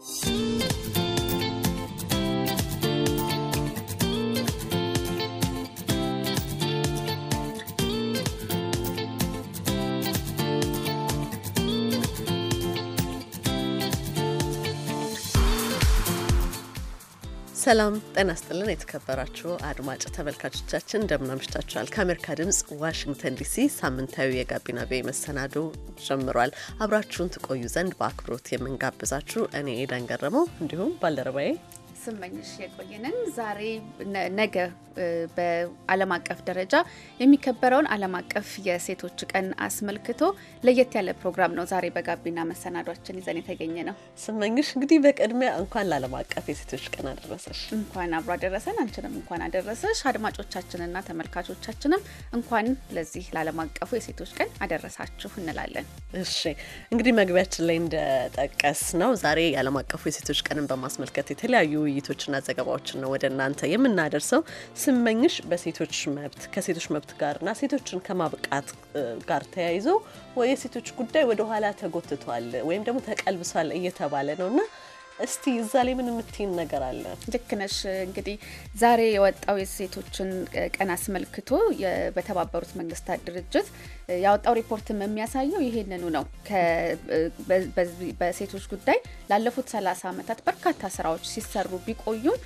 心。ሰላም ጤና ስጥልን። የተከበራችሁ አድማጭ ተመልካቾቻችን እንደምን አምሽታችኋል? ከአሜሪካ ድምፅ ዋሽንግተን ዲሲ ሳምንታዊ የጋቢና ቤ መሰናዶ ጀምሯል። አብራችሁን ትቆዩ ዘንድ በአክብሮት የምንጋብዛችሁ እኔ ኤዳን ገረመው እንዲሁም ባልደረባዬ ስመኝሽ የቆየንን ዛሬ ነገ በዓለም አቀፍ ደረጃ የሚከበረውን ዓለም አቀፍ የሴቶች ቀን አስመልክቶ ለየት ያለ ፕሮግራም ነው ዛሬ በጋቢና መሰናዷችን ይዘን የተገኘ ነው። ስመኝሽ እንግዲህ በቅድሚያ እንኳን ለዓለም አቀፍ የሴቶች ቀን አደረሰሽ። እንኳን አብሮ አደረሰን። አንችንም እንኳን አደረሰሽ። አድማጮቻችንና ተመልካቾቻችንም እንኳን ለዚህ ለዓለም አቀፉ የሴቶች ቀን አደረሳችሁ እንላለን። እሺ እንግዲህ መግቢያችን ላይ እንደጠቀስ ነው ዛሬ የዓለም አቀፉ የሴቶች ቀንን በማስመልከት የተለያዩ ውይይቶችና ዘገባዎችን ነው ወደ እናንተ የምናደርሰው። ስመኝሽ በሴቶች መብት ከሴቶች መብት ጋርና ሴቶችን ከማብቃት ጋር ተያይዞ የሴቶች ጉዳይ ወደኋላ ተጎትቷል ወይም ደግሞ ተቀልብሷል እየተባለ ነውና እስቲ እዛ ላይ ምን የምትይን ነገር አለ? ልክ ነሽ። እንግዲህ ዛሬ የወጣው የሴቶችን ቀን አስመልክቶ በተባበሩት መንግስታት ድርጅት ያወጣው ሪፖርትም የሚያሳየው ይሄንኑ ነው። በሴቶች ጉዳይ ላለፉት 30 ዓመታት በርካታ ስራዎች ሲሰሩ ቢቆዩም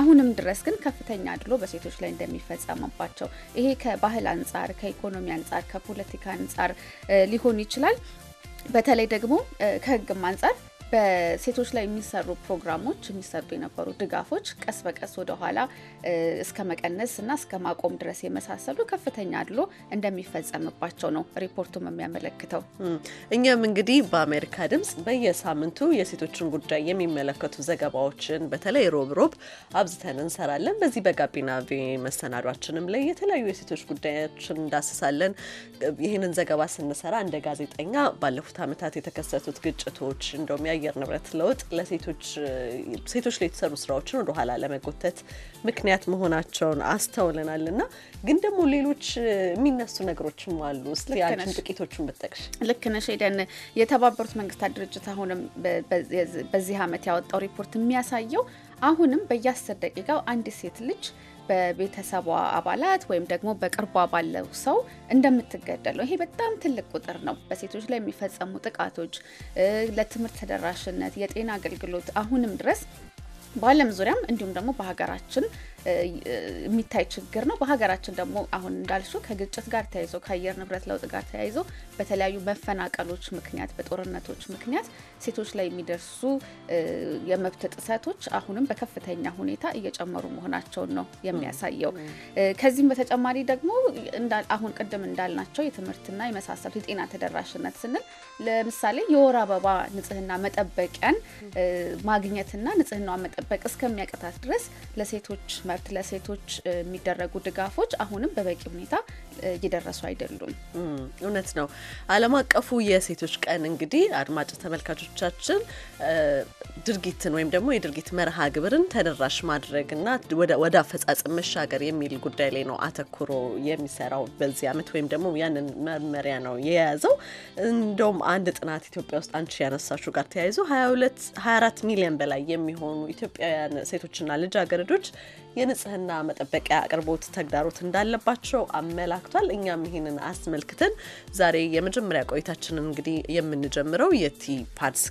አሁንም ድረስ ግን ከፍተኛ አድሎ በሴቶች ላይ እንደሚፈጸምባቸው ይሄ ከባህል አንጻር፣ ከኢኮኖሚ አንጻር፣ ከፖለቲካ አንጻር ሊሆን ይችላል። በተለይ ደግሞ ከህግም አንጻር በሴቶች ላይ የሚሰሩ ፕሮግራሞች የሚሰጡ የነበሩ ድጋፎች ቀስ በቀስ ወደኋላ እስከ መቀነስ እና እስከ ማቆም ድረስ የመሳሰሉ ከፍተኛ አድሎ እንደሚፈጸምባቸው ነው ሪፖርቱም የሚያመለክተው። እኛም እንግዲህ በአሜሪካ ድምጽ በየሳምንቱ የሴቶችን ጉዳይ የሚመለከቱ ዘገባዎችን በተለይ ሮብ ሮብ አብዝተን እንሰራለን። በዚህ በጋቢና ቪ መሰናዷችንም ላይ የተለያዩ የሴቶች ጉዳዮችን እንዳስሳለን። ይህንን ዘገባ ስንሰራ እንደ ጋዜጠኛ ባለፉት ዓመታት የተከሰቱት ግጭቶች እንደውም የአየር ንብረት ለውጥ ለሴቶች ሴቶች ላይ የተሰሩ ስራዎችን ወደኋላ ለመጎተት ምክንያት መሆናቸውን አስተውለናል እና ግን ደግሞ ሌሎች የሚነሱ ነገሮችም አሉ። እስቲ አንቺን ጥቂቶቹን ብትጠቅሽ። ልክ ነሽ የተባበሩት መንግስታት ድርጅት አሁንም በዚህ አመት ያወጣው ሪፖርት የሚያሳየው አሁንም በየአስር ደቂቃው አንዲት ሴት ልጅ በቤተሰቧ አባላት ወይም ደግሞ በቅርቧ ባለው ሰው እንደምትገደለው ይሄ በጣም ትልቅ ቁጥር ነው። በሴቶች ላይ የሚፈጸሙ ጥቃቶች፣ ለትምህርት ተደራሽነት፣ የጤና አገልግሎት አሁንም ድረስ በዓለም ዙሪያም እንዲሁም ደግሞ በሀገራችን የሚታይ ችግር ነው። በሀገራችን ደግሞ አሁን እንዳልሹ ከግጭት ጋር ተያይዞ ከአየር ንብረት ለውጥ ጋር ተያይዞ በተለያዩ መፈናቀሎች ምክንያት በጦርነቶች ምክንያት ሴቶች ላይ የሚደርሱ የመብት ጥሰቶች አሁንም በከፍተኛ ሁኔታ እየጨመሩ መሆናቸውን ነው የሚያሳየው። ከዚህም በተጨማሪ ደግሞ አሁን ቅድም እንዳልናቸው የትምህርትና የመሳሰሉት የጤና ተደራሽነት ስንል ለምሳሌ የወር አበባ ንጽህና መጠበቂያን ማግኘትና ንጽህናዋን መጠበቅ እስከሚያቀታት ድረስ ለሴቶች ትምህርት ለሴቶች የሚደረጉ ድጋፎች አሁንም በበቂ ሁኔታ እየደረሱ አይደሉም። እውነት ነው። ዓለም አቀፉ የሴቶች ቀን እንግዲህ አድማጭ ተመልካቾቻችን ድርጊትን ወይም ደግሞ የድርጊት መርሃ ግብርን ተደራሽ ማድረግና ወደ አፈጻጽ መሻገር የሚል ጉዳይ ላይ ነው አተኩሮ የሚሰራው በዚህ ዓመት ወይም ደግሞ ያንን መመሪያ ነው የያዘው። እንደውም አንድ ጥናት ኢትዮጵያ ውስጥ አንቺ ያነሳችሁ ጋር ተያይዞ 24 ሚሊዮን በላይ የሚሆኑ ኢትዮጵያውያን ሴቶችና ልጃገረዶች የንጽህና መጠበቂያ አቅርቦት ተግዳሮት እንዳለባቸው አመላክቷል። እኛም ይህንን አስመልክተን ዛሬ የመጀመሪያ ቆይታችንን እንግዲህ የምንጀምረው የቲ ፓድስ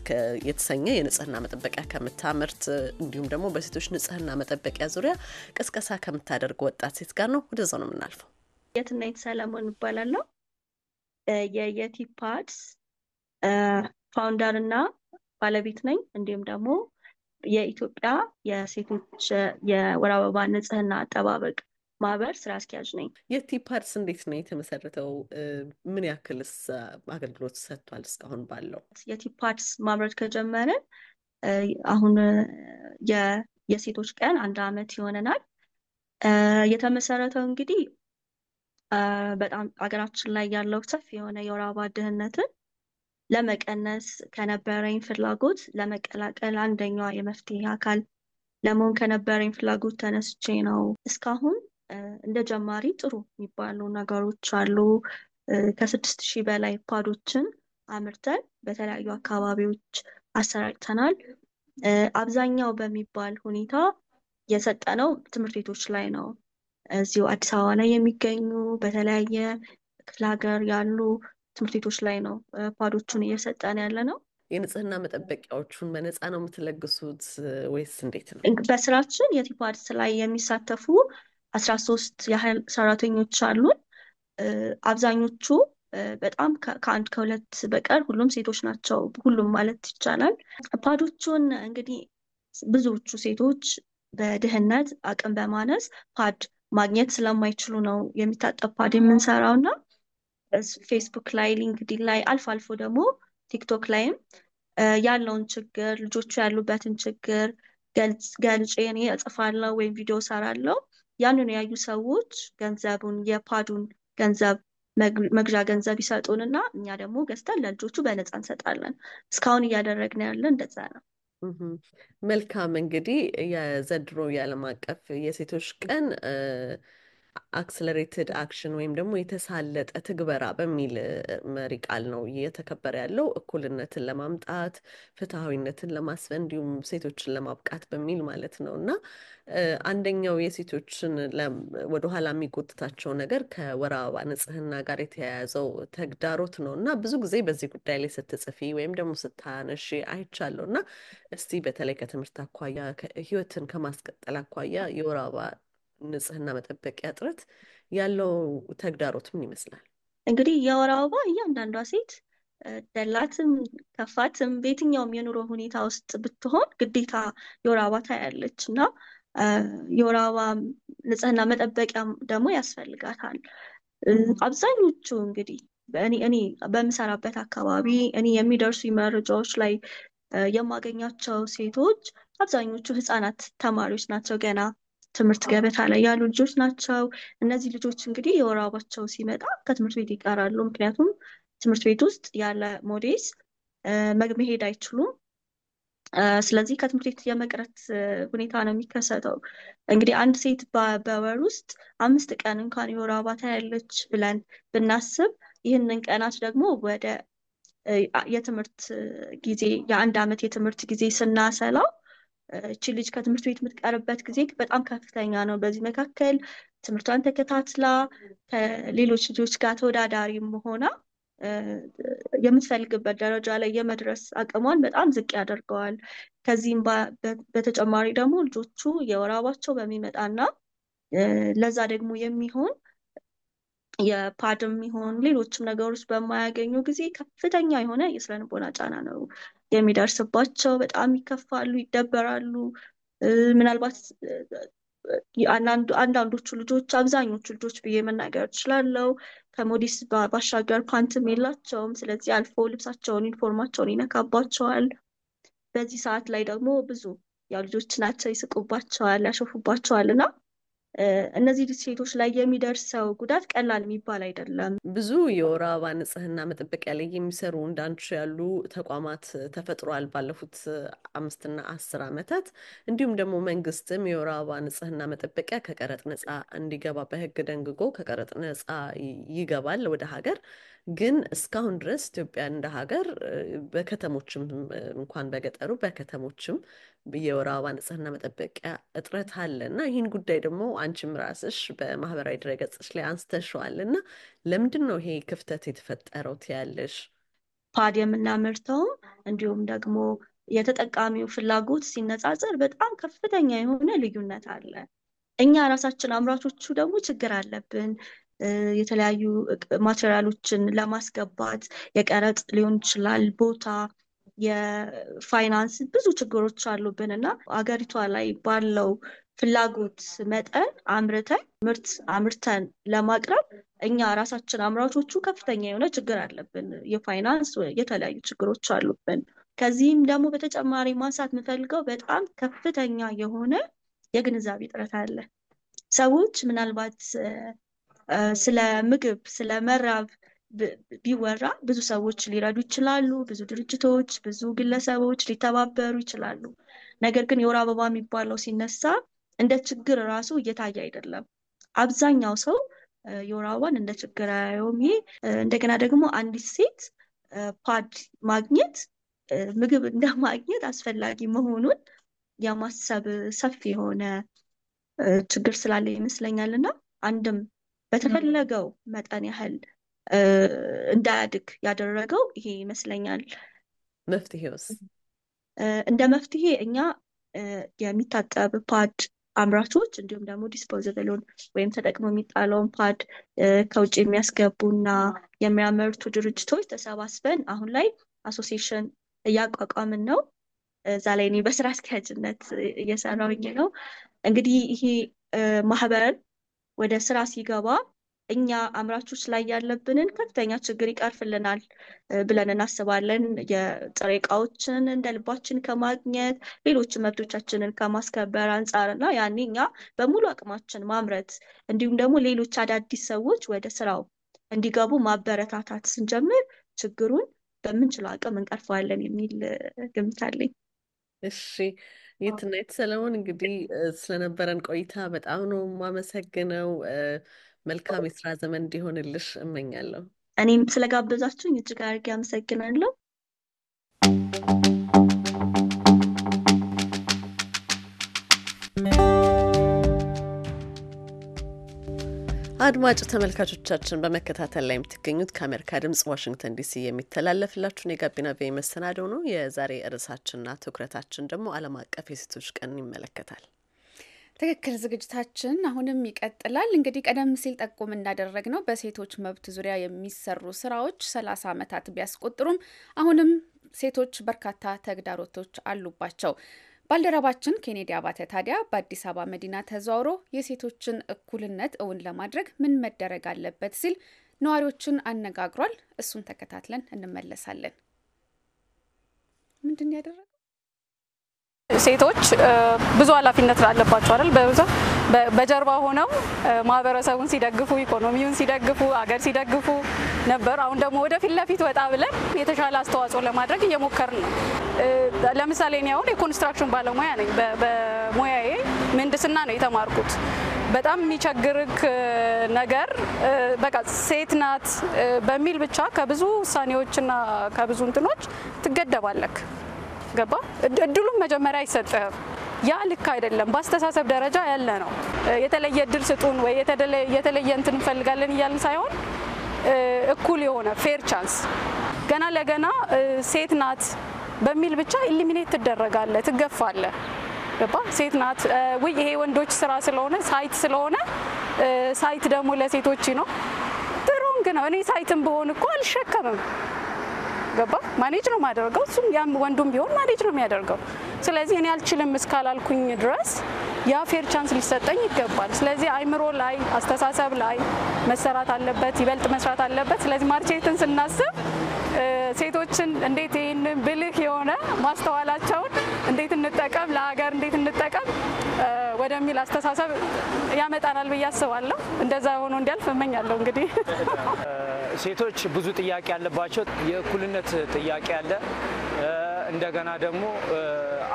የተሰኘ የንጽህና መጠበቂያ ከምታመርት እንዲሁም ደግሞ በሴቶች ንጽህና መጠበቂያ ዙሪያ ቅስቀሳ ከምታደርግ ወጣት ሴት ጋር ነው። ወደዛ ነው የምናልፈው። የት ሰለሞን እባላለሁ። የየቲ ፓድስ ፋውንደር እና ባለቤት ነኝ። እንዲሁም ደግሞ የኢትዮጵያ የሴቶች የወር አበባ ንጽህና አጠባበቅ ማህበር ስራ አስኪያጅ ነኝ። የቲፓርስ እንዴት ነው የተመሰረተው? ምን ያክልስ አገልግሎት ሰጥቷል? እስካሁን ባለው የቲፓርስ ማምረት ከጀመረ አሁን የሴቶች ቀን አንድ አመት ይሆነናል። የተመሰረተው እንግዲህ በጣም አገራችን ላይ ያለው ሰፊ የሆነ የወር አበባ ድህነትን ለመቀነስ ከነበረኝ ፍላጎት ለመቀላቀል አንደኛዋ የመፍትሄ አካል ለመሆን ከነበረኝ ፍላጎት ተነስቼ ነው። እስካሁን እንደ ጀማሪ ጥሩ የሚባሉ ነገሮች አሉ። ከስድስት ሺህ በላይ ፓዶችን አምርተን በተለያዩ አካባቢዎች አሰራጭተናል። አብዛኛው በሚባል ሁኔታ የሰጠነው ትምህርት ቤቶች ላይ ነው። እዚሁ አዲስ አበባ ላይ የሚገኙ በተለያየ ክፍለ ሀገር ያሉ ትምህርት ቤቶች ላይ ነው ፓዶቹን እየሰጠን ያለ ነው። የንጽህና መጠበቂያዎቹን በነፃ ነው የምትለግሱት ወይስ እንዴት ነው? በስራችን የቲፓድስ ላይ የሚሳተፉ አስራ ሶስት ያህል ሰራተኞች አሉን። አብዛኞቹ በጣም ከአንድ ከሁለት በቀር ሁሉም ሴቶች ናቸው። ሁሉም ማለት ይቻላል። ፓዶቹን እንግዲህ ብዙዎቹ ሴቶች በድህነት አቅም በማነስ ፓድ ማግኘት ስለማይችሉ ነው የሚታጠብ ፓድ የምንሰራው እና ፌስቡክ ላይ ሊንክዲን ላይ አልፎ አልፎ ደግሞ ቲክቶክ ላይም ያለውን ችግር ልጆቹ ያሉበትን ችግር ገልጬ እኔ እጽፋለሁ ወይም ቪዲዮ ሰራለው ያንን ያዩ ሰዎች ገንዘቡን የፓዱን ገንዘብ መግዣ ገንዘብ ይሰጡን እና እኛ ደግሞ ገዝተን ለልጆቹ በነፃ እንሰጣለን። እስካሁን እያደረግን ያለ እንደዛ ነው። መልካም እንግዲህ የዘድሮ የዓለም አቀፍ የሴቶች ቀን አክስለሬትድ አክሽን ወይም ደግሞ የተሳለጠ ትግበራ በሚል መሪ ቃል ነው እየተከበረ ያለው። እኩልነትን ለማምጣት ፍትሐዊነትን ለማስፈን እንዲሁም ሴቶችን ለማብቃት በሚል ማለት ነው እና አንደኛው የሴቶችን ወደኋላ የሚጎትታቸው ነገር ከወር አበባ ንጽህና ጋር የተያያዘው ተግዳሮት ነው እና ብዙ ጊዜ በዚህ ጉዳይ ላይ ስትጽፊ ወይም ደግሞ ስታነሺ አይቻለሁ እና እስቲ በተለይ ከትምህርት አኳያ ህይወትን ከማስቀጠል አኳያ የወር አበባ ንጽህና መጠበቂያ እጥረት ያለው ተግዳሮት ምን ይመስላል? እንግዲህ የወር አበባ እያንዳንዷ ሴት ደላትም ከፋትም በየትኛውም የኑሮ ሁኔታ ውስጥ ብትሆን ግዴታ የወር አበባ ታያለች እና የወር አበባ ንጽህና መጠበቂያ ደግሞ ያስፈልጋታል። አብዛኞቹ እንግዲህ እኔ በምሰራበት አካባቢ እኔ የሚደርሱ መረጃዎች ላይ የማገኛቸው ሴቶች አብዛኞቹ ህጻናት ተማሪዎች ናቸው። ገና ትምህርት ገበታ ላይ ያሉ ልጆች ናቸው። እነዚህ ልጆች እንግዲህ የወር አበባቸው ሲመጣ ከትምህርት ቤት ይቀራሉ። ምክንያቱም ትምህርት ቤት ውስጥ ያለ ሞዴስ መሄድ አይችሉም። ስለዚህ ከትምህርት ቤት የመቅረት ሁኔታ ነው የሚከሰተው። እንግዲህ አንድ ሴት በወር ውስጥ አምስት ቀን እንኳን የወር አበባ ታያለች ብለን ብናስብ ይህንን ቀናት ደግሞ ወደ የትምህርት ጊዜ የአንድ ዓመት የትምህርት ጊዜ ስናሰላው እቺ ልጅ ከትምህርት ቤት የምትቀርበት ጊዜ በጣም ከፍተኛ ነው። በዚህ መካከል ትምህርቷን ተከታትላ ከሌሎች ልጆች ጋር ተወዳዳሪ መሆና የምትፈልግበት ደረጃ ላይ የመድረስ አቅሟን በጣም ዝቅ ያደርገዋል። ከዚህም በተጨማሪ ደግሞ ልጆቹ የወር አበባቸው በሚመጣና ለዛ ደግሞ የሚሆን የፓድም ይሆን ሌሎችም ነገሮች በማያገኙ ጊዜ ከፍተኛ የሆነ የስነልቦና ጫና ነው የሚደርስባቸው። በጣም ይከፋሉ፣ ይደበራሉ። ምናልባት አንዳንዶቹ ልጆች አብዛኞቹ ልጆች ብዬ መናገር እችላለሁ ከሞዲስ ባሻገር ፓንትም የላቸውም። ስለዚህ አልፎ ልብሳቸውን ኢንፎርማቸውን ይነካባቸዋል። በዚህ ሰዓት ላይ ደግሞ ብዙ ያው ልጆች ናቸው፣ ይስቁባቸዋል፣ ያሸፉባቸዋል እና እነዚህ ሴቶች ላይ የሚደርሰው ጉዳት ቀላል የሚባል አይደለም። ብዙ የወር አበባ ንጽህና መጠበቂያ ላይ የሚሰሩ እንዳንቺ ያሉ ተቋማት ተፈጥሯል ባለፉት አምስትና አስር ዓመታት። እንዲሁም ደግሞ መንግስትም የወር አበባ ንጽህና መጠበቂያ ከቀረጥ ነጻ እንዲገባ በህግ ደንግጎ ከቀረጥ ነጻ ይገባል ወደ ሀገር። ግን እስካሁን ድረስ ኢትዮጵያ እንደ ሀገር በከተሞችም እንኳን በገጠሩ በከተሞችም የወር አበባ ንጽህና መጠበቂያ እጥረት አለ እና ይህን ጉዳይ ደግሞ አንቺም ራስሽ በማህበራዊ ድረገጽች ላይ አንስተሸዋል እና ለምንድን ነው ይሄ ክፍተት የተፈጠረው ትያለሽ? ፓድ የምናመርተውም እንዲሁም ደግሞ የተጠቃሚው ፍላጎት ሲነጻጸር በጣም ከፍተኛ የሆነ ልዩነት አለ። እኛ ራሳችን አምራቾቹ ደግሞ ችግር አለብን። የተለያዩ ማቴሪያሎችን ለማስገባት የቀረጥ ሊሆን ይችላል ቦታ የፋይናንስ ብዙ ችግሮች አሉብን እና አገሪቷ ላይ ባለው ፍላጎት መጠን አምርተን ምርት አምርተን ለማቅረብ እኛ ራሳችን አምራቾቹ ከፍተኛ የሆነ ችግር አለብን። የፋይናንስ የተለያዩ ችግሮች አሉብን። ከዚህም ደግሞ በተጨማሪ ማንሳት የምፈልገው በጣም ከፍተኛ የሆነ የግንዛቤ እጥረት አለ። ሰዎች ምናልባት ስለ ምግብ ስለ መራብ ቢወራ ብዙ ሰዎች ሊረዱ ይችላሉ። ብዙ ድርጅቶች፣ ብዙ ግለሰቦች ሊተባበሩ ይችላሉ። ነገር ግን የወር አበባ የሚባለው ሲነሳ እንደ ችግር ራሱ እየታየ አይደለም። አብዛኛው ሰው የወር አበባን እንደ ችግር አያየውም። ይሄ እንደገና ደግሞ አንዲት ሴት ፓድ ማግኘት ምግብ እንደ ማግኘት አስፈላጊ መሆኑን የማሰብ ሰፊ የሆነ ችግር ስላለ ይመስለኛል እና አንድም በተፈለገው መጠን ያህል እንዳያድግ ያደረገው ይሄ ይመስለኛል። መፍትሄውስ እንደ መፍትሄ እኛ የሚታጠብ ፓድ አምራቾች እንዲሁም ደግሞ ዲስፖዝብሉን ወይም ተጠቅሞ የሚጣለውን ፓድ ከውጭ የሚያስገቡና የሚያመርቱ ድርጅቶች ተሰባስበን አሁን ላይ አሶሲሽን እያቋቋምን ነው። እዛ ላይ እኔ በስራ አስኪያጅነት እየሰራውኝ ነው። እንግዲህ ይሄ ማህበር ወደ ስራ ሲገባ እኛ አምራቾች ላይ ያለብንን ከፍተኛ ችግር ይቀርፍልናል ብለን እናስባለን። የጥሬ እቃዎችን እንደ ልባችን ከማግኘት ሌሎች መብቶቻችንን ከማስከበር አንጻር እና ያኔ እኛ በሙሉ አቅማችን ማምረት እንዲሁም ደግሞ ሌሎች አዳዲስ ሰዎች ወደ ስራው እንዲገቡ ማበረታታት ስንጀምር ችግሩን በምንችለው አቅም እንቀርፈዋለን የሚል ግምት አለኝ። እሺ የትናየት ሰለሞን እንግዲህ ስለነበረን ቆይታ በጣም ነው የማመሰግነው። መልካም የስራ ዘመን እንዲሆንልሽ እመኛለሁ። እኔም ስለጋበዛችሁኝ እጅግ አድርጌ አመሰግናለሁ። አድማጭ ተመልካቾቻችን በመከታተል ላይ የምትገኙት ከአሜሪካ ድምጽ ዋሽንግተን ዲሲ የሚተላለፍላችሁን የጋቢና ቪ መሰናደው ነው። የዛሬ ርዕሳችንና ትኩረታችን ደግሞ ዓለም አቀፍ የሴቶች ቀን ይመለከታል። ትክክል። ዝግጅታችን አሁንም ይቀጥላል። እንግዲህ ቀደም ሲል ጠቁም እንዳደረግ ነው በሴቶች መብት ዙሪያ የሚሰሩ ስራዎች ሰላሳ ዓመታት ቢያስቆጥሩም አሁንም ሴቶች በርካታ ተግዳሮቶች አሉባቸው። ባልደረባችን ኬኔዲ አባተ ታዲያ በአዲስ አበባ መዲና ተዘዋውሮ የሴቶችን እኩልነት እውን ለማድረግ ምን መደረግ አለበት ሲል ነዋሪዎችን አነጋግሯል። እሱን ተከታትለን እንመለሳለን። ምንድን ያደረገ ሴቶች ብዙ ኃላፊነት ላለባቸው አይደል? በብዛት በጀርባ ሆነው ማህበረሰቡን ሲደግፉ፣ ኢኮኖሚውን ሲደግፉ፣ አገር ሲደግፉ ነበር። አሁን ደግሞ ወደ ፊት ለፊት ወጣ ብለን የተሻለ አስተዋጽኦ ለማድረግ እየሞከርን ነው። ለምሳሌ እኔ አሁን የኮንስትራክሽን ባለሙያ ነኝ። በሙያዬ ምህንድስና ነው የተማርኩት። በጣም የሚቸግርክ ነገር በቃ ሴት ናት በሚል ብቻ ከብዙ ውሳኔዎችና ከብዙ እንትኖች ትገደባለክ። ገባ እድሉም መጀመሪያ አይሰጥህም። ያ ልክ አይደለም። በአስተሳሰብ ደረጃ ያለ ነው። የተለየ እድል ስጡን ወይ የተለየ እንትን እንፈልጋለን እያልን ሳይሆን እኩል የሆነ ፌር ቻንስ ገና ለገና ሴት ናት በሚል ብቻ ኢሊሚኔት ትደረጋለ ትገፋለ። ገባ ሴት ናት ውይ ይሄ ወንዶች ስራ ስለሆነ ሳይት ስለሆነ ሳይት ደግሞ ለሴቶች ነው። ትሮንግ ነው። እኔ ሳይትም በሆን እኮ አልሸከምም ገባ ማኔጅ ነው ማደርገው። እሱም ያም ወንዱም ቢሆን ማኔጅ ነው የሚያደርገው። ስለዚህ እኔ አልችልም እስካላልኩኝ ድረስ ያ ፌር ቻንስ ሊሰጠኝ ይገባል። ስለዚህ አይምሮ ላይ አስተሳሰብ ላይ መሰራት አለበት፣ ይበልጥ መስራት አለበት። ስለዚህ ማርቼትን ስናስብ ሴቶችን እንዴት ይህንን ብልህ የሆነ ማስተዋላቸውን እንዴት እንጠቀም፣ ለሀገር እንዴት እንጠቀም ወደሚል አስተሳሰብ ያመጣናል ብዬ አስባለሁ። እንደዛ ሆኖ እንዲያልፍ እመኛለሁ። እንግዲህ ሴቶች ብዙ ጥያቄ ያለባቸው የእኩልነት ጥያቄ አለ። እንደገና ደግሞ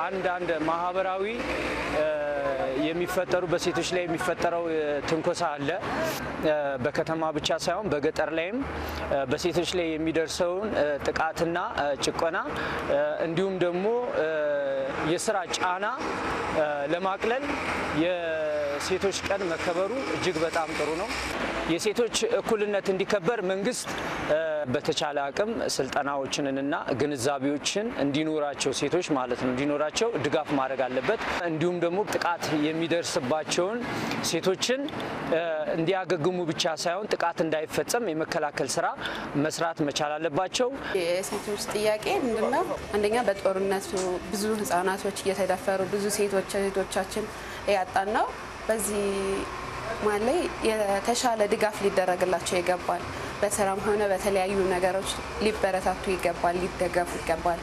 አንዳንድ ማህበራዊ የሚፈጠሩ በሴቶች ላይ የሚፈጠረው ትንኮሳ አለ። በከተማ ብቻ ሳይሆን በገጠር ላይም በሴቶች ላይ የሚደርሰውን ጥቃትና ጭቆና እንዲሁም ደግሞ የስራ ጫና ለማቅለል የሴቶች ቀን መከበሩ እጅግ በጣም ጥሩ ነው። የሴቶች እኩልነት እንዲከበር መንግስት በተቻለ አቅም ስልጠናዎችንና ግንዛቤዎችን እንዲኖራቸው ሴቶች ማለት ነው እንዲኖራቸው ድጋፍ ማድረግ አለበት። እንዲሁም ደግሞ ጥቃት የሚደርስባቸውን ሴቶችን እንዲያገግሙ ብቻ ሳይሆን ጥቃት እንዳይፈጸም የመከላከል ስራ መስራት መቻል አለባቸው። የሴቶች ጥያቄ ምንድነው? አንደኛ በጦርነቱ ብዙ ህጻናቶች እየተደፈሩ ብዙ ሴቶች እህቶቻችን እያጣን ነው። በዚህ ማለት ላይ የተሻለ ድጋፍ ሊደረግላቸው ይገባል። በስራም ሆነ በተለያዩ ነገሮች ሊበረታቱ ይገባል፣ ሊደገፉ ይገባል።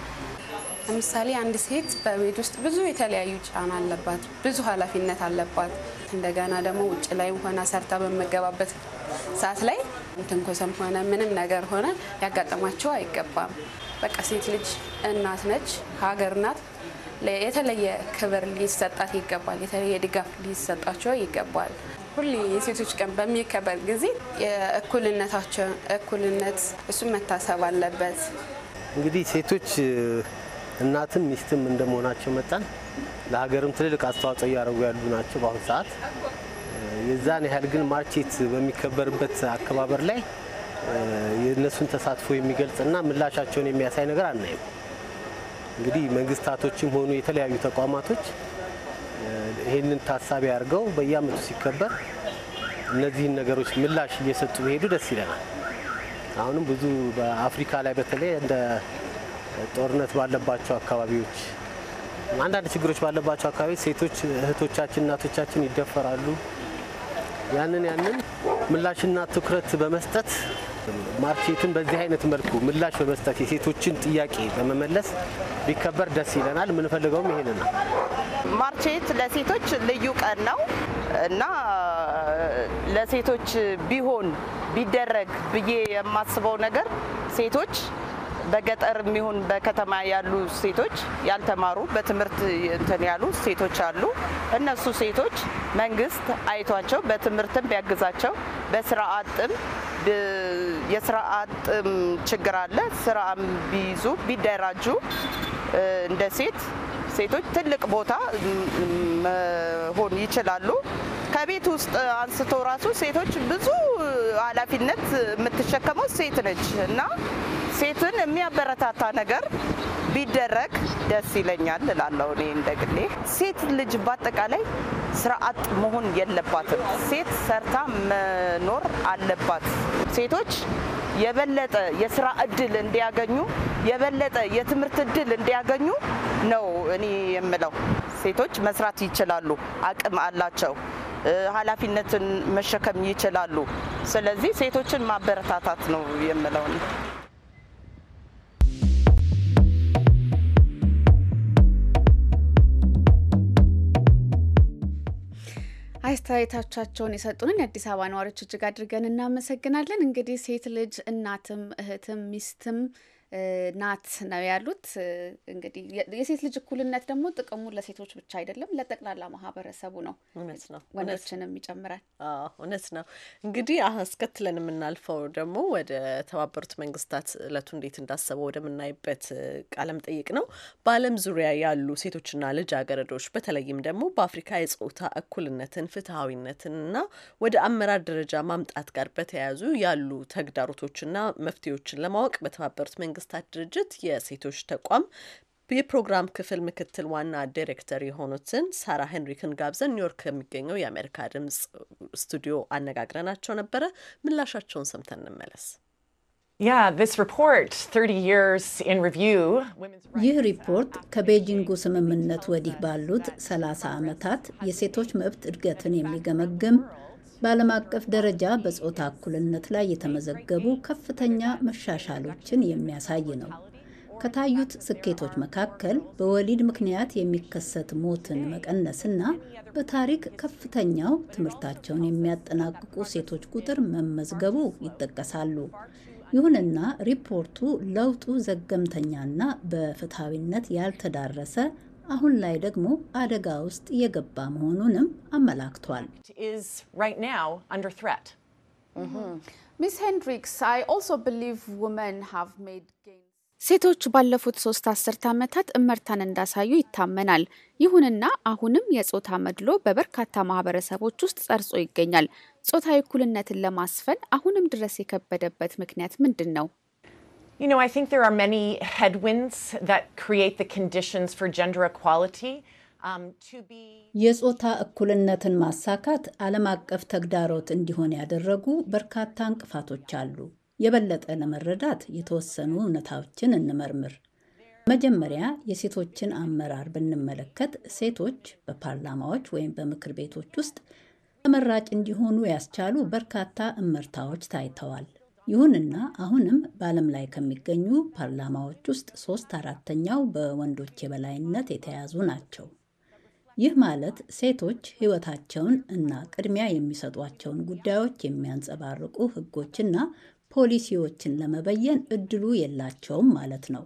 ለምሳሌ አንድ ሴት በቤት ውስጥ ብዙ የተለያዩ ጫና አለባት፣ ብዙ ኃላፊነት አለባት። እንደገና ደግሞ ውጭ ላይ ሆና ሰርታ በመገባበት ሰዓት ላይ ትንኮሰም ሆነ ምንም ነገር ሆነ ያጋጠማቸው አይገባም። በቃ ሴት ልጅ እናት ነች፣ ሀገር ናት። የተለየ ክብር ሊሰጣት ይገባል። የተለየ ድጋፍ ሊሰጣቸው ይገባል። ሁሌ የሴቶች ቀን በሚከበር ጊዜ የእኩልነታቸው እኩልነት እሱም መታሰብ አለበት። እንግዲህ ሴቶች እናትም ሚስትም እንደመሆናቸው መጠን ለሀገርም ትልልቅ አስተዋጽኦ እያደረጉ ያሉ ናቸው። በአሁኑ ሰዓት የዛን ያህል ግን ማርቼት በሚከበርበት አከባበር ላይ የእነሱን ተሳትፎ የሚገልጽና ምላሻቸውን የሚያሳይ ነገር አናይም። እንግዲህ መንግስታቶችም ሆኑ የተለያዩ ተቋማቶች ይህንን ታሳቢ አድርገው በየአመቱ ሲከበር እነዚህን ነገሮች ምላሽ እየሰጡ ሄዱ ደስ ይለናል። አሁንም ብዙ በአፍሪካ ላይ በተለይ እንደ ጦርነት ባለባቸው አካባቢዎች፣ አንዳንድ ችግሮች ባለባቸው አካባቢ ሴቶች እህቶቻችን፣ እናቶቻችን ይደፈራሉ። ያንን ያንን ምላሽና ትኩረት በመስጠት ማርኬትን በዚህ አይነት መልኩ ምላሽ በመስጠት የሴቶችን ጥያቄ በመመለስ ቢከበር ደስ ይለናል። የምንፈልገውም ይሄን ነው። ማርኬት ለሴቶች ልዩ ቀን ነው እና ለሴቶች ቢሆን ቢደረግ ብዬ የማስበው ነገር ሴቶች በገጠር የሚሆን በከተማ ያሉ ሴቶች ያልተማሩ በትምህርት እንትን ያሉ ሴቶች አሉ። እነሱ ሴቶች መንግስት አይቷቸው በትምህርትም ቢያግዛቸው በስራ አጥም የስራ አጥም ችግር አለ። ስራም ቢይዙ ቢደራጁ እንደ ሴት ሴቶች ትልቅ ቦታ መሆን ይችላሉ። ከቤት ውስጥ አንስቶ ራሱ ሴቶች ብዙ ኃላፊነት የምትሸከመው ሴት ነች እና ሴትን የሚያበረታታ ነገር ቢደረግ ደስ ይለኛል እላለሁ። እኔ እንደግሌ ሴት ልጅ በአጠቃላይ ስርዓት መሆን የለባትም። ሴት ሰርታ መኖር አለባት። ሴቶች የበለጠ የስራ እድል እንዲያገኙ የበለጠ የትምህርት እድል እንዲያገኙ ነው እኔ የምለው። ሴቶች መስራት ይችላሉ፣ አቅም አላቸው፣ ኃላፊነትን መሸከም ይችላሉ። ስለዚህ ሴቶችን ማበረታታት ነው የምለው። አስተያየታቻቸውን የሰጡንን የአዲስ አበባ ነዋሪዎች እጅግ አድርገን እናመሰግናለን። እንግዲህ ሴት ልጅ እናትም፣ እህትም፣ ሚስትም ናት ነው ያሉት። እንግዲህ የሴት ልጅ እኩልነት ደግሞ ጥቅሙ ለሴቶች ብቻ አይደለም፣ ለጠቅላላ ማህበረሰቡ ነው። እውነት ነው፣ ወንዶችንም ይጨምራል። እውነት ነው። እንግዲህ አስከትለን የምናልፈው ደግሞ ወደ ተባበሩት መንግስታት እለቱ እንዴት እንዳሰበው ወደምናይበት ቃለ መጠይቅ ነው። በዓለም ዙሪያ ያሉ ሴቶችና ልጃገረዶች በተለይም ደግሞ በአፍሪካ የጾታ እኩልነትን ፍትሐዊነትንና ወደ አመራር ደረጃ ማምጣት ጋር በተያያዙ ያሉ ተግዳሮቶችና መፍትሄዎችን ለማወቅ በተባበሩት መንግስት መንግስታት ድርጅት የሴቶች ተቋም የፕሮግራም ክፍል ምክትል ዋና ዳይሬክተር የሆኑትን ሳራ ሄንሪክን ጋብዘን ኒውዮርክ ከሚገኘው የአሜሪካ ድምጽ ስቱዲዮ አነጋግረናቸው ነበረ። ምላሻቸውን ሰምተን እንመለስ። ይህ ሪፖርት ከቤጂንጉ ስምምነት ወዲህ ባሉት 30 ዓመታት የሴቶች መብት እድገትን የሚገመግም በዓለም አቀፍ ደረጃ በጾታ እኩልነት ላይ የተመዘገቡ ከፍተኛ መሻሻሎችን የሚያሳይ ነው። ከታዩት ስኬቶች መካከል በወሊድ ምክንያት የሚከሰት ሞትን መቀነስና በታሪክ ከፍተኛው ትምህርታቸውን የሚያጠናቅቁ ሴቶች ቁጥር መመዝገቡ ይጠቀሳሉ። ይሁንና ሪፖርቱ ለውጡ ዘገምተኛና በፍትሐዊነት ያልተዳረሰ አሁን ላይ ደግሞ አደጋ ውስጥ የገባ መሆኑንም አመላክቷል። ሚስ ሄንድሪክስ አይ ኦልሶ ብሊቭ ውመን ሃቭ ሜድ ሴቶች ባለፉት ሶስት አስርት ዓመታት እመርታን እንዳሳዩ ይታመናል። ይሁንና አሁንም የጾታ መድሎ በበርካታ ማህበረሰቦች ውስጥ ጸርጾ ይገኛል። ጾታዊ እኩልነትን ለማስፈን አሁንም ድረስ የከበደበት ምክንያት ምንድን ነው? You know, I think there are many headwinds that create the conditions for gender equality. Um, የጾታ እኩልነትን ማሳካት ዓለም አቀፍ ተግዳሮት እንዲሆን ያደረጉ በርካታ እንቅፋቶች አሉ። የበለጠ ለመረዳት የተወሰኑ እውነታዎችን እንመርምር። መጀመሪያ የሴቶችን አመራር ብንመለከት ሴቶች በፓርላማዎች ወይም በምክር ቤቶች ውስጥ ተመራጭ እንዲሆኑ ያስቻሉ በርካታ እመርታዎች ታይተዋል። ይሁንና አሁንም በዓለም ላይ ከሚገኙ ፓርላማዎች ውስጥ ሶስት አራተኛው በወንዶች የበላይነት የተያዙ ናቸው። ይህ ማለት ሴቶች ሕይወታቸውን እና ቅድሚያ የሚሰጧቸውን ጉዳዮች የሚያንጸባርቁ ሕጎችና ፖሊሲዎችን ለመበየን እድሉ የላቸውም ማለት ነው።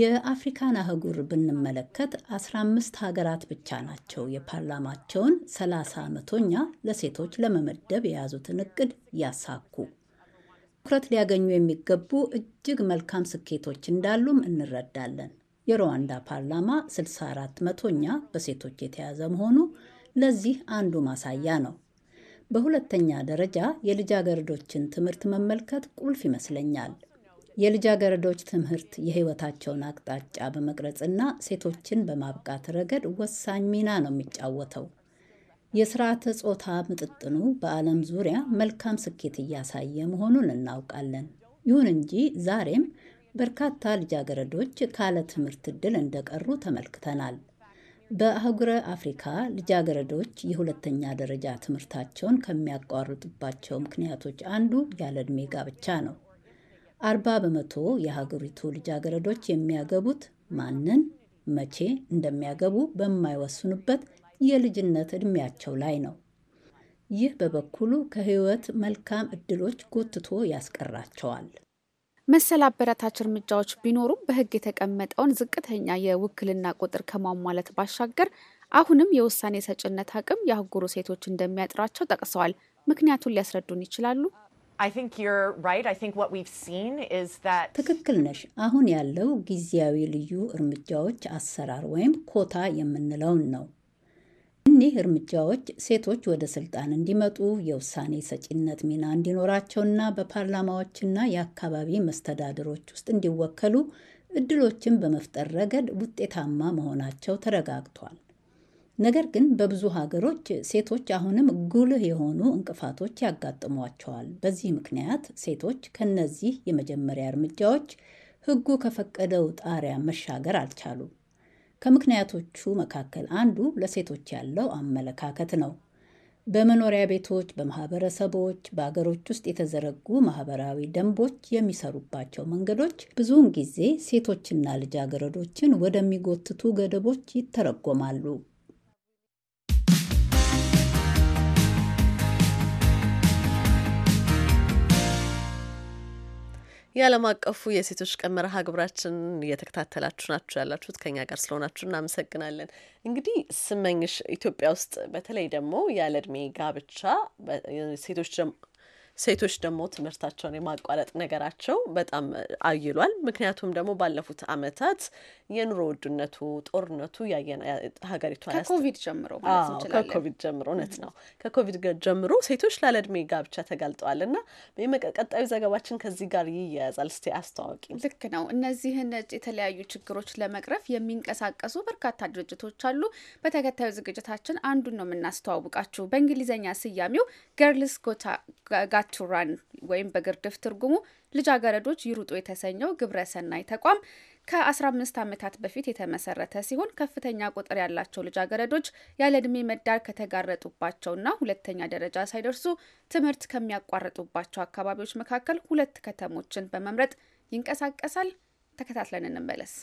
የአፍሪካን አህጉር ብንመለከት 15 ሀገራት ብቻ ናቸው የፓርላማቸውን 30 መቶኛ ለሴቶች ለመመደብ የያዙትን እቅድ ያሳኩ። ትኩረት ሊያገኙ የሚገቡ እጅግ መልካም ስኬቶች እንዳሉም እንረዳለን። የሩዋንዳ ፓርላማ 64 መቶኛ በሴቶች የተያዘ መሆኑ ለዚህ አንዱ ማሳያ ነው። በሁለተኛ ደረጃ የልጃገረዶችን ትምህርት መመልከት ቁልፍ ይመስለኛል። የልጃገረዶች ትምህርት የሕይወታቸውን አቅጣጫ በመቅረጽና ሴቶችን በማብቃት ረገድ ወሳኝ ሚና ነው የሚጫወተው። የስርዓተ ጾታ ምጥጥኑ በዓለም ዙሪያ መልካም ስኬት እያሳየ መሆኑን እናውቃለን። ይሁን እንጂ ዛሬም በርካታ ልጃገረዶች ካለ ትምህርት ዕድል እንደቀሩ ተመልክተናል። በአህጉረ አፍሪካ ልጃገረዶች የሁለተኛ ደረጃ ትምህርታቸውን ከሚያቋርጡባቸው ምክንያቶች አንዱ ያለ ዕድሜ ጋብቻ ነው። አርባ በመቶ የሀገሪቱ ልጃገረዶች የሚያገቡት ማንን መቼ እንደሚያገቡ በማይወስኑበት የልጅነት ዕድሜያቸው ላይ ነው። ይህ በበኩሉ ከህይወት መልካም እድሎች ጎትቶ ያስቀራቸዋል። መሰል አበረታች እርምጃዎች ቢኖሩም በህግ የተቀመጠውን ዝቅተኛ የውክልና ቁጥር ከማሟላት ባሻገር አሁንም የውሳኔ ሰጭነት አቅም የአህጉሩ ሴቶች እንደሚያጥራቸው ጠቅሰዋል። ምክንያቱን ሊያስረዱን ይችላሉ? ትክክል ነሽ። አሁን ያለው ጊዜያዊ ልዩ እርምጃዎች አሰራር ወይም ኮታ የምንለውን ነው። እኒህ እርምጃዎች ሴቶች ወደ ስልጣን እንዲመጡ የውሳኔ ሰጪነት ሚና እንዲኖራቸውና በፓርላማዎችና የአካባቢ መስተዳድሮች ውስጥ እንዲወከሉ እድሎችን በመፍጠር ረገድ ውጤታማ መሆናቸው ተረጋግቷል። ነገር ግን በብዙ ሀገሮች ሴቶች አሁንም ጉልህ የሆኑ እንቅፋቶች ያጋጥሟቸዋል። በዚህ ምክንያት ሴቶች ከነዚህ የመጀመሪያ እርምጃዎች ሕጉ ከፈቀደው ጣሪያ መሻገር አልቻሉም። ከምክንያቶቹ መካከል አንዱ ለሴቶች ያለው አመለካከት ነው። በመኖሪያ ቤቶች፣ በማህበረሰቦች፣ በአገሮች ውስጥ የተዘረጉ ማህበራዊ ደንቦች የሚሰሩባቸው መንገዶች ብዙውን ጊዜ ሴቶችና ልጃገረዶችን ወደሚጎትቱ ገደቦች ይተረጎማሉ። የዓለም አቀፉ የሴቶች ቀን መርሃ ግብራችን እየተከታተላችሁ ናችሁ ያላችሁት ከኛ ጋር ስለሆናችሁ እናመሰግናለን። እንግዲህ ስመኝሽ ኢትዮጵያ ውስጥ በተለይ ደግሞ ያለ እድሜ ጋብቻ ሴቶች ሴቶች ደግሞ ትምህርታቸውን የማቋረጥ ነገራቸው በጣም አይሏል። ምክንያቱም ደግሞ ባለፉት አመታት የኑሮ ውድነቱ፣ ጦርነቱ ሀገሪቷ ከኮቪድ ጀምሮ ከኮቪድ ጀምሮ እውነት ነው ከኮቪድ ጀምሮ ሴቶች ላለእድሜ ጋብቻ ተጋልጠዋል እና ቀጣዩ ዘገባችን ከዚህ ጋር ይያያዛል። እስቲ አስተዋወቂ። ልክ ነው። እነዚህን የተለያዩ ችግሮች ለመቅረፍ የሚንቀሳቀሱ በርካታ ድርጅቶች አሉ። በተከታዩ ዝግጅታችን አንዱን ነው የምናስተዋውቃችሁ። በእንግሊዝኛ ስያሜው ገርልስ ጎታ ቱ ራን ወይም በግርድፍ ትርጉሙ ልጃገረዶች ይሩጡ የተሰኘው ግብረሰናይ ተቋም ከ15 ዓመታት በፊት የተመሰረተ ሲሆን ከፍተኛ ቁጥር ያላቸው ልጃገረዶች ያለ እድሜ መዳር ከተጋረጡባቸውና ሁለተኛ ደረጃ ሳይደርሱ ትምህርት ከሚያቋርጡባቸው አካባቢዎች መካከል ሁለት ከተሞችን በመምረጥ ይንቀሳቀሳል። ተከታትለን እንመለስ።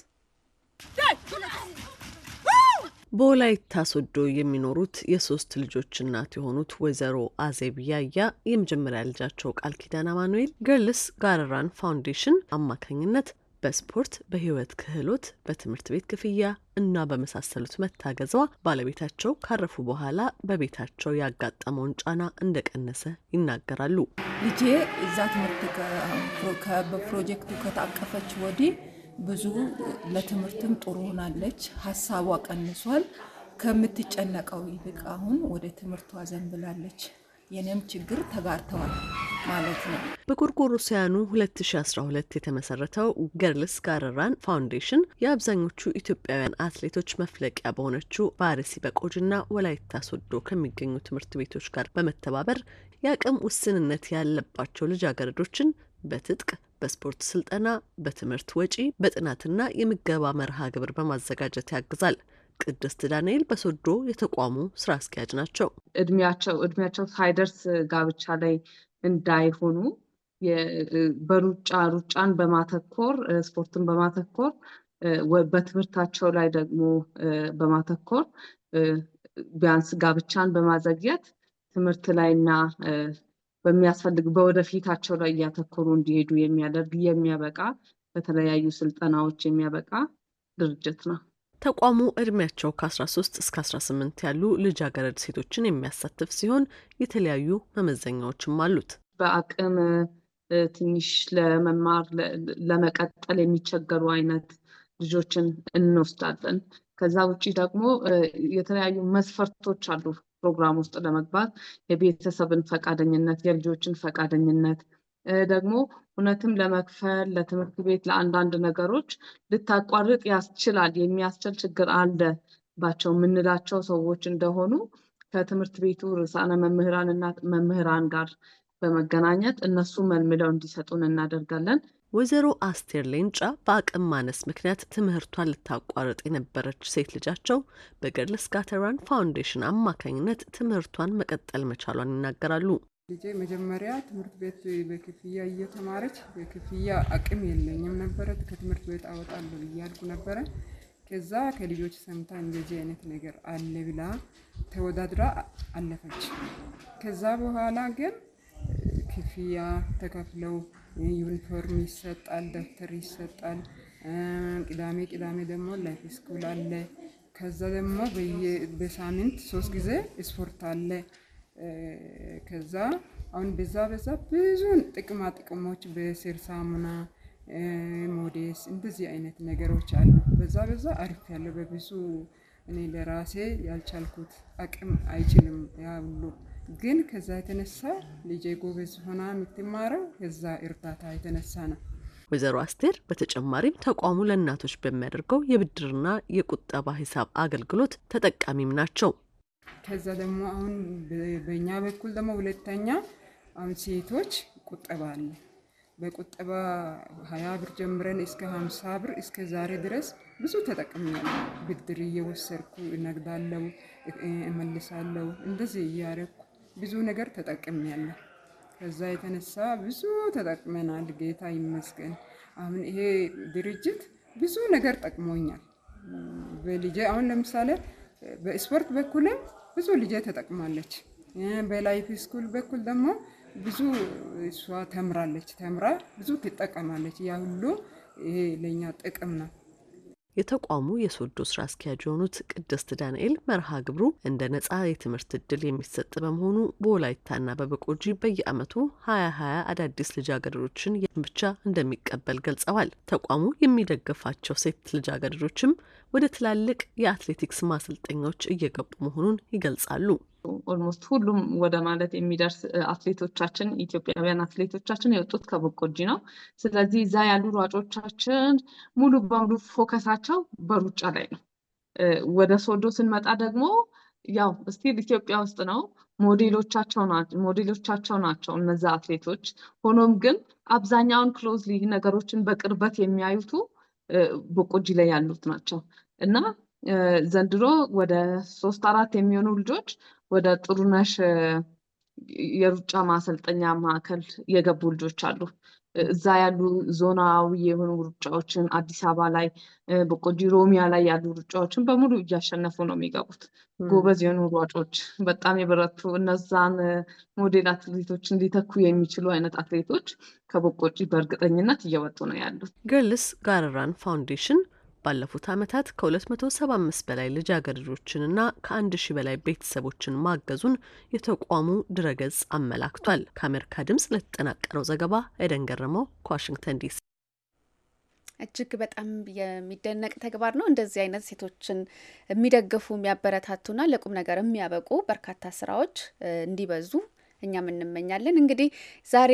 በወላይታ ሶዶ የሚኖሩት የሶስት ልጆች እናት የሆኑት ወይዘሮ አዜብ ያያ የመጀመሪያ ልጃቸው ቃል ኪዳን አማኑኤል ገርልስ ጋርራን ፋውንዴሽን አማካኝነት በስፖርት፣ በህይወት ክህሎት፣ በትምህርት ቤት ክፍያ እና በመሳሰሉት መታገዟ ባለቤታቸው ካረፉ በኋላ በቤታቸው ያጋጠመውን ጫና እንደቀነሰ ይናገራሉ። ልጄ እዛ ትምህርት በፕሮጀክቱ ከታቀፈች ወዲህ ብዙ ለትምህርትም ጥሩ ሆናለች። ሀሳቧ ቀንሷል። ከምትጨነቀው ይልቅ አሁን ወደ ትምህርቷ ዘንብላለች። የኔም ችግር ተጋርተዋል ማለት ነው። በጎርጎሮሳውያኑ 2012 የተመሰረተው ገርልስ ጋረራን ፋውንዴሽን የአብዛኞቹ ኢትዮጵያውያን አትሌቶች መፍለቂያ በሆነችው በአርሲ በቆጂና ወላይታ ሶዶ ከሚገኙ ትምህርት ቤቶች ጋር በመተባበር የአቅም ውስንነት ያለባቸው ልጃገረዶችን በትጥቅ በስፖርት ስልጠና፣ በትምህርት ወጪ፣ በጥናትና የምገባ መርሃ ግብር በማዘጋጀት ያግዛል። ቅድስት ዳንኤል በሶዶ የተቋሙ ስራ አስኪያጅ ናቸው። እድሜያቸው እድሜያቸው ሳይደርስ ጋብቻ ላይ እንዳይሆኑ በሩጫ ሩጫን በማተኮር ስፖርትን በማተኮር በትምህርታቸው ላይ ደግሞ በማተኮር ቢያንስ ጋብቻን በማዘግየት ትምህርት ላይና በሚያስፈልግ በወደፊታቸው ላይ እያተኮሩ እንዲሄዱ የሚያደርግ የሚያበቃ በተለያዩ ስልጠናዎች የሚያበቃ ድርጅት ነው። ተቋሙ እድሜያቸው ከ13 እስከ 18 ያሉ ልጃገረድ ሴቶችን የሚያሳትፍ ሲሆን የተለያዩ መመዘኛዎችም አሉት። በአቅም ትንሽ ለመማር ለመቀጠል የሚቸገሩ አይነት ልጆችን እንወስዳለን። ከዛ ውጭ ደግሞ የተለያዩ መስፈርቶች አሉ። ፕሮግራም ውስጥ ለመግባት የቤተሰብን ፈቃደኝነት፣ የልጆችን ፈቃደኝነት ደግሞ እውነትም ለመክፈል ለትምህርት ቤት ለአንዳንድ ነገሮች ልታቋርጥ ያስችላል የሚያስችል ችግር አለባቸው የምንላቸው ሰዎች እንደሆኑ ከትምህርት ቤቱ ርዕሳነ መምህራንና መምህራን ጋር በመገናኘት እነሱ መልምለው እንዲሰጡን እናደርጋለን። ወይዘሮ አስቴር ሌንጫ በአቅም ማነስ ምክንያት ትምህርቷን ልታቋረጥ የነበረች ሴት ልጃቸው በገርልስ ጋተራን ፋውንዴሽን አማካኝነት ትምህርቷን መቀጠል መቻሏን ይናገራሉ። ልጄ መጀመሪያ ትምህርት ቤት በክፍያ እየተማረች የክፍያ አቅም የለኝም ነበረ፣ ከትምህርት ቤት አወጣለሁ እያልኩ ነበረ። ከዛ ከልጆች ሰምታ እንደዚህ አይነት ነገር አለ ብላ ተወዳድራ አለፈች። ከዛ በኋላ ግን ክፍያ ተከፍለው ዩኒፎርም ይሰጣል፣ ደብተር ይሰጣል። ቅዳሜ ቅዳሜ ደግሞ ላይፍ ስኩል አለ። ከዛ ደግሞ በሳምንት ሶስት ጊዜ ስፖርት አለ። ከዛ አሁን በዛ በዛ ብዙ ጥቅማ ጥቅሞች በስር ሳሙና፣ ሞዴስ እንደዚህ አይነት ነገሮች አሉ። በዛ በዛ አሪፍ ያለው በብዙ እኔ ለራሴ ያልቻልኩት አቅም አይችልም ያሉ። ግን ከዛ የተነሳ ልጄ ጎበዝ ሆና የምትማረው ከዛ እርዳታ የተነሳ ነው። ወይዘሮ አስቴር በተጨማሪም ተቋሙ ለእናቶች በሚያደርገው የብድርና የቁጠባ ሂሳብ አገልግሎት ተጠቃሚም ናቸው። ከዛ ደግሞ አሁን በእኛ በኩል ደግሞ ሁለተኛ አሁን ሴቶች ቁጠባ አለ። በቁጠባ ሀያ ብር ጀምረን እስከ ሀምሳ ብር እስከ ዛሬ ድረስ ብዙ ተጠቅሜያለሁ። ብድር እየወሰድኩ እነግዳለሁ፣ እመልሳለሁ። እንደዚህ እያረኩ ብዙ ነገር ተጠቅሜያለሁ። ከዛ የተነሳ ብዙ ተጠቅመናል። ጌታ ይመስገን። አሁን ይሄ ድርጅት ብዙ ነገር ጠቅሞኛል። በልጄ አሁን ለምሳሌ በስፖርት በኩልም ብዙ ልጄ ተጠቅማለች። በላይፍ ስኩል በኩል ደግሞ ብዙ እሷ ተምራለች። ተምራ ብዙ ትጠቀማለች። ያ ሁሉ ይሄ ለእኛ ጥቅም ነው። የተቋሙ የሶዶ ስራ አስኪያጅ የሆኑት ቅድስት ዳንኤል መርሃ ግብሩ እንደ ነጻ የትምህርት እድል የሚሰጥ በመሆኑ በወላይታና በበቆጂ በየአመቱ ሀያ ሀያ አዳዲስ ልጃገረዶችን ብቻ እንደሚቀበል ገልጸዋል። ተቋሙ የሚደገፋቸው ሴት ልጃገረዶችም ወደ ትላልቅ የአትሌቲክስ ማሰልጠኛዎች እየገቡ መሆኑን ይገልጻሉ። ኦልሞስት ሁሉም ወደ ማለት የሚደርስ አትሌቶቻችን ኢትዮጵያውያን አትሌቶቻችን የወጡት ከቦቆጂ ነው። ስለዚህ እዛ ያሉ ሯጮቻችን ሙሉ በሙሉ ፎከሳቸው በሩጫ ላይ ነው። ወደ ሶዶ ስንመጣ ደግሞ ያው ስቲል ኢትዮጵያ ውስጥ ነው። ሞዴሎቻቸው ናቸው እነዛ አትሌቶች። ሆኖም ግን አብዛኛውን ክሎዝሊ ነገሮችን በቅርበት የሚያዩቱ ቦቆጂ ላይ ያሉት ናቸው እና ዘንድሮ ወደ ሶስት አራት የሚሆኑ ልጆች ወደ ጥሩነሽ የሩጫ ማሰልጠኛ ማዕከል የገቡ ልጆች አሉ። እዛ ያሉ ዞናዊ የሆኑ ሩጫዎችን አዲስ አበባ ላይ በቆጂ ሮሚያ ላይ ያሉ ሩጫዎችን በሙሉ እያሸነፉ ነው የሚገቡት። ጎበዝ የሆኑ ሯጮች በጣም የበረቱ እነዛን ሞዴል አትሌቶችን ሊተኩ የሚችሉ አይነት አትሌቶች ከበቆጂ በእርግጠኝነት እየወጡ ነው ያሉት። ግርልስ ጋርራን ፋውንዴሽን ባለፉት ዓመታት ከ275 በላይ ልጃገረዶችንና ከ1000 በላይ ቤተሰቦችን ማገዙን የተቋሙ ድረገጽ አመላክቷል። ከአሜሪካ ድምጽ ለተጠናቀረው ዘገባ ኤደን ገረመው ከዋሽንግተን ዲሲ። እጅግ በጣም የሚደነቅ ተግባር ነው። እንደዚህ አይነት ሴቶችን የሚደግፉ የሚያበረታቱና ለቁም ነገር የሚያበቁ በርካታ ስራዎች እንዲበዙ እኛም እንመኛለን። እንግዲህ ዛሬ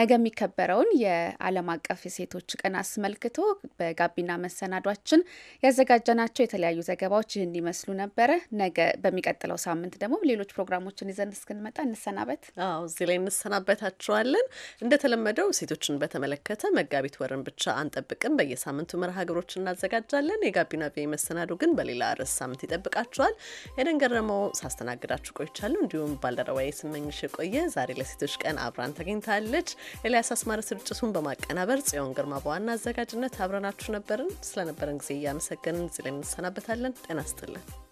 ነገ የሚከበረውን የዓለም አቀፍ የሴቶች ቀን አስመልክቶ በጋቢና መሰናዷችን ያዘጋጀናቸው የተለያዩ ዘገባዎች ይህን ይመስሉ ነበረ። ነገ በሚቀጥለው ሳምንት ደግሞ ሌሎች ፕሮግራሞችን ይዘን እስክንመጣ እንሰናበት። አዎ እዚህ ላይ እንሰናበታችኋለን። እንደተለመደው ሴቶችን በተመለከተ መጋቢት ወርን ብቻ አንጠብቅም። በየሳምንቱ መርሃ ግብሮች እናዘጋጃለን። የጋቢና ቪኦኤ መሰናዶ ግን በሌላ ርዕስ ሳምንት ይጠብቃችኋል። የደንገረመው ሳስተናግዳችሁ ቆይቻለሁ። እንዲሁም ባልደረባዬ ስመኝሽ ስመኝሽ የቆየ ዛሬ ለሴቶች ቀን አብራን ተገኝታለች። ኤልያስ አስማረ ስርጭቱን በማቀናበር ጽዮን ግርማ በዋና አዘጋጅነት አብረናችሁ ነበርን። ስለነበረን ጊዜ እያመሰገንን እዚህ ላይ እንሰናበታለን። ጤና ስጥልን።